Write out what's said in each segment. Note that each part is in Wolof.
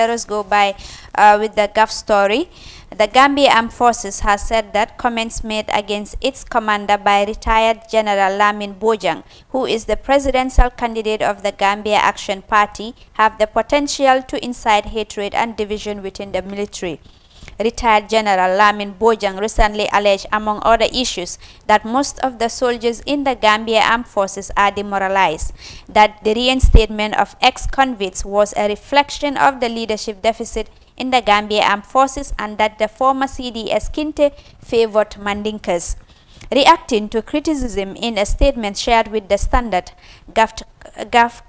Let us go by uh, with the Gulf story. The Gambia Armed Forces has said that comments made against its commander by retired General Lamin Bojang, who is the presidential candidate of the Gambia Action Party, have the potential to incite hatred and division within the military. Retired General Lamin Bojang recently alleged, among other issues, that most of the soldiers in the Gambia armed forces are demoralized, that the reinstatement of ex-convicts was a reflection of the leadership deficit in the Gambia armed forces and that the former CDS Kinte favored Mandinkas. Reacting to criticism in a statement shared with the Standard, GAF, GAF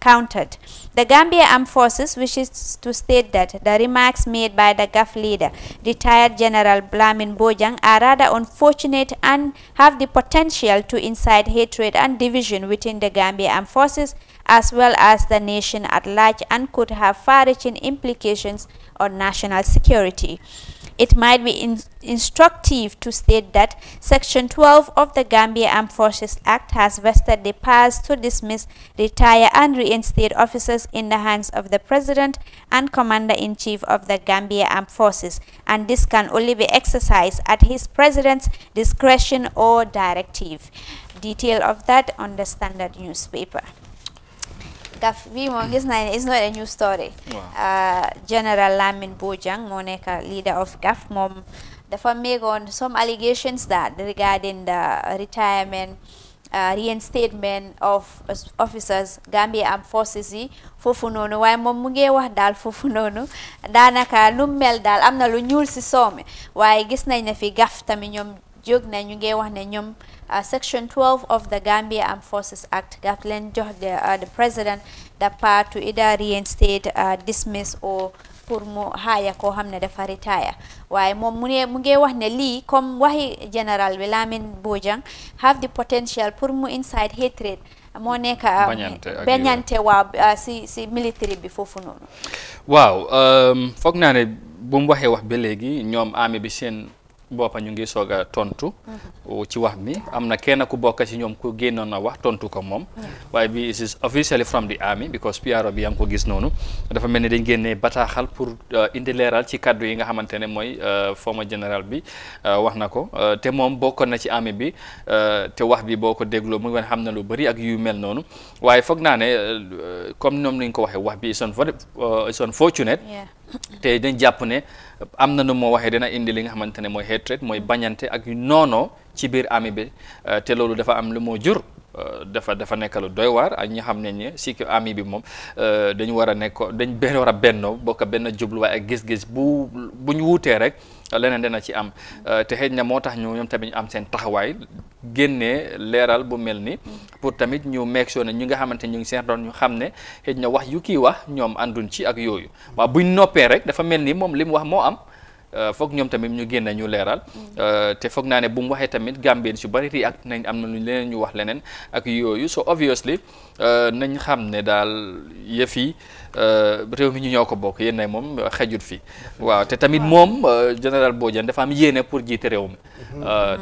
counted. The Gambia Armed Forces wishes to state that the remarks made by the GAF leader, retired General Blamin Bojang, are rather unfortunate and have the potential to incite hatred and division within the Gambia Armed Forces as well as the nation at large and could have far-reaching implications on national security it might be in instructive to state that Section 12 of the Gambia Armed Forces Act has vested the powers to dismiss, retire, and reinstate officers in the hands of the President and Commander-in-Chief of the Gambia Armed Forces, and this can only be exercised at his President's discretion or directive. Detail of that on the standard newspaper. gaf bii moom gis naa ne it's not a new story uh, General Lamin Bojang moo nekk leader of gaf moom dafa make on some allegations that regarding the retirement uh, reinstatement of officers Gambia Armed Forces yi foofu noonu waaye moom mu ngi wax daal foofu noonu daanaka lu mel daal am na lu ñuul si soome waaye gis nañ ne fi gaf tamit ñoom jóg na ñu ngi wax ne ñoom uh, section 12 of the Gambia Armed Forces Act daf leen jox the uh, president the power to either reinstate uh, dismiss or pour mu xaaya koo xam ne dafa waaye moom mu ne mu ngi wax ne lii comme waxi général bi Lamin Bojang have the potential pour mu incite hatred moo nekk um, bañante waaw si si military bi foofu noonu um, foog naa mu waxee wax ba ñoom armée boppa ñu ngi soog a tontu mhm. ci wax mi am na kenn ku bokk ci ñoom ku génnoon na wax tontu ko moom waaye bi it is officially from the army because PRO bi yaa ngi ko gis noonu dafa mel ni dañ génnee bataaxal pour euh, indi leeral ci kaddu yi nga xamante ne mooy euh, former général bi euh, wax na ko te moom bokkoon na ci army bi te wax bi boo ko dégloo mu ngi xam na lu bëri ak yu mel noonu waaye foog naa ne comme ñoom ni ñu ko waxee wax bi is on fortunate te dañ jàpp ne am na nu moo waxee dina indi li nga xamante ne mooy hatred mooy mm-hmm. bañante ak noonoo ci biir ami bi euh, te loolu dafa am lu moo jur euh, dafa dafa nekk lu doy waar ak ñu xam ne ñi si que ami bi moom euh, dañu war a nekk dañ benn war a bennoo bokk benn jubluwaay ak gis-gis bu bu ñu wuutee rek leneen dana ci am euh, te xëy na moo tax ñu ñoom tamit ñu am seen taxawaay génnee leeral bu mel ni pour tamit ñu meek sure ne ñi nga xamante ñu ngi seen doon ñu xam ne xëy na wax yu ki wax ñoom ànduñ ci ak yooyu waaw buñ noppee rek dafa mel ni moom li mu wax moo am Euh, foog ñoom tamit ñu génn ñu leeral euh, te foog naa ne bu mu waxee tamit Gambien si bari react nañ am na lu leneen ñu wax leneen ak yooyu so obviously euh, nañ xam ne daal yëf yi réew mi ñu ñoo ko bokk yéen nay moom xejut fi waaw te tamit moom général Bojang dafa am yéene pour jiite réew mi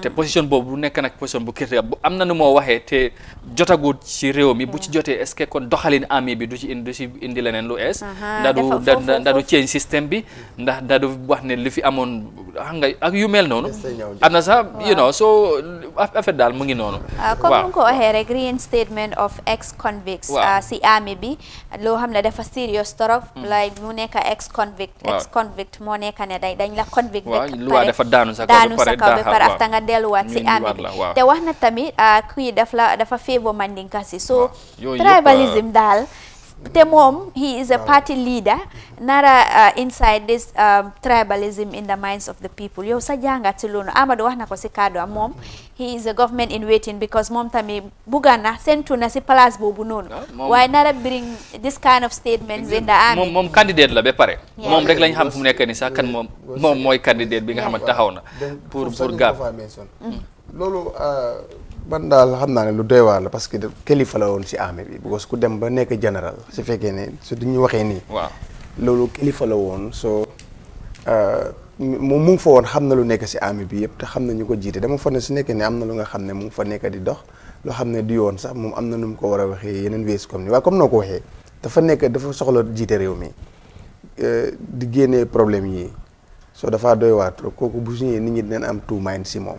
te position boobu bu nekk nag position bu critique bu am na nu moo waxee te jotagut ci réew mi bu ci jotee est-ce que kon doxalin armée bi du ci indi du ci indi leneen lu ees ndax du ndax du change système fi amoon xam nga ak yu mel noonu. am na sax you know so affaire daal mu ngi noonu. Ah, waaw comme ni ko waxee rek of ex convicts. Ah, si army bi loo xam ne dafa serious torop. Mm. lay mu nekk ex convict. ex convict moo nekk ne dañ la convict. waaw luwa dafa daanu sa kaw ba pare sa kaw afta nga delluwaat si army bi te wax na tamit ah, kuy daf la dafa so tribalism daal. te moom he is a party leader nara uh, inside this um, tribalism in the minds of the people yow sa jàngat si loolu Amadou wax na ko si kàddu am moom he is a government in because moom tami bugga na sentu na si place boobu noonu ah, waaye nara bring this kind of statements in the army moom moom candidate la ba pare moom rek lañ xam mu nekk ni sax kan moom moom mooy candidate bi nga xam ne taxaw na pour pour gaab mm. loolu uh, ban daal xam naa ne lu doy waar la parce que kilifa la woon si armée bi parce que ku dem ba nekk général su fekkee ne su duñu waxee nii. waaw loolu kilifa la woon so euh, mu mu ngi fa woon xam na lu nekk si armée bi yëpp te xam na ñu ko jiite dama fa ne su nekkee ne am na lu nga xam ne mu ngi fa nekk di dox loo xam ne du yoon sax moom am na nu mu ko war a waxee yeneen wees comme ni waaye comme noo ko waxee dafa nekk dafa soxla jiite réew mi euh, di génne problème yi soo dafaa doy kooku bu nit ñi dinañ am tuumaay si moom.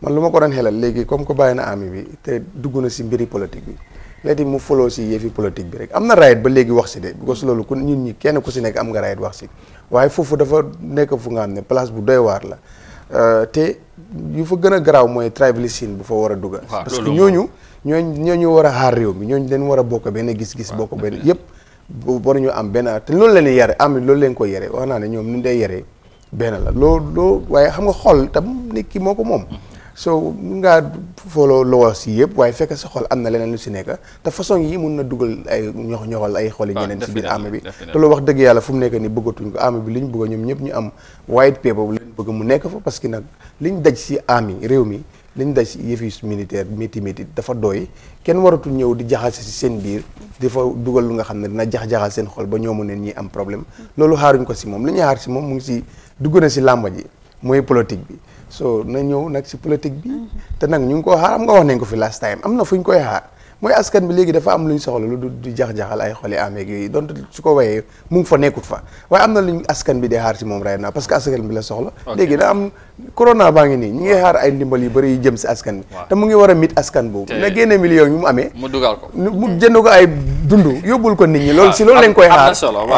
man lu ma ko daan xelal léegi comme que bàyyi na ami bi te dugg na si mbiri politique bi léegi mu foloo si yëfi politique bi rek am na right ba léegi wax si de parce que loolu ku ñun ñi kenn ku si nekk am nga right wax si waaye foofu dafa nekk fu nga xam ne place bu doy waar la euh, te yu fa gën a garaaw mooy tribalisme bu fa war a dugal ah, parce que ñooñu ñooñ ñooñu war a xaar réew mi ñooñu leen war a bokk benn gis-gis bokk benn yëpp waruñu am benn te loolu l yare am loolu leen ko yare wax naa ne ñoom ni ñu dee benn la loo loo waaye xam nga xol tam nit ki moo ko moom. soo mun ngaa foloo loo si yëpp waaye fekk sa xol am na leneen lu si nekk te façon yi mun na dugal ay ñox ñoxal ay xoli ah, ñeneen si biir armée bi te loolu wax dëgg yàlla fu mu nekk ni bëggatuñ ko armée bi li ñu bëgg ñoom ñëpp ñu am white paper bu leen bëgg mu nekk fa parce que nag liñ daj si armée réew mi liñ daj yëfi militaire métti métti dafa doy kenn waratul ñëw di jaxase si seen biir di fa dugal lu nga xam ne dina jax-jaxal seen xol ba ñoomu neen ñi am problème loolu xaaruñ ko si moom li ñuy xaar si moom mu ngi si dugg na si làmba ji mooy politique bi so na ñëw nag si politique bi mm-hmm. te nag ñu ngi ko xaar am nga wax nañ ko fi last time am na fu ñu koy xaar mooy askan bi léegi dafa am lu ñu soxla lu du di jax-jaxal ay xoli ameeg yooyu donte su ko wayee mu fa nekkut fa waaye am na lu ñu askan bi dee xaar ci moom right now parce que askan bi la soxla léegi da am corona baa ngi nii ñu ngi xaar ay ndimbal yu bëri yu jëm si askan bi te mu ngi war a mit askan boobu na génne million yu mu amee mu ko mu jënd ko ay dund yóbbul ko nit ñi loolu si loolu lañ koy xaar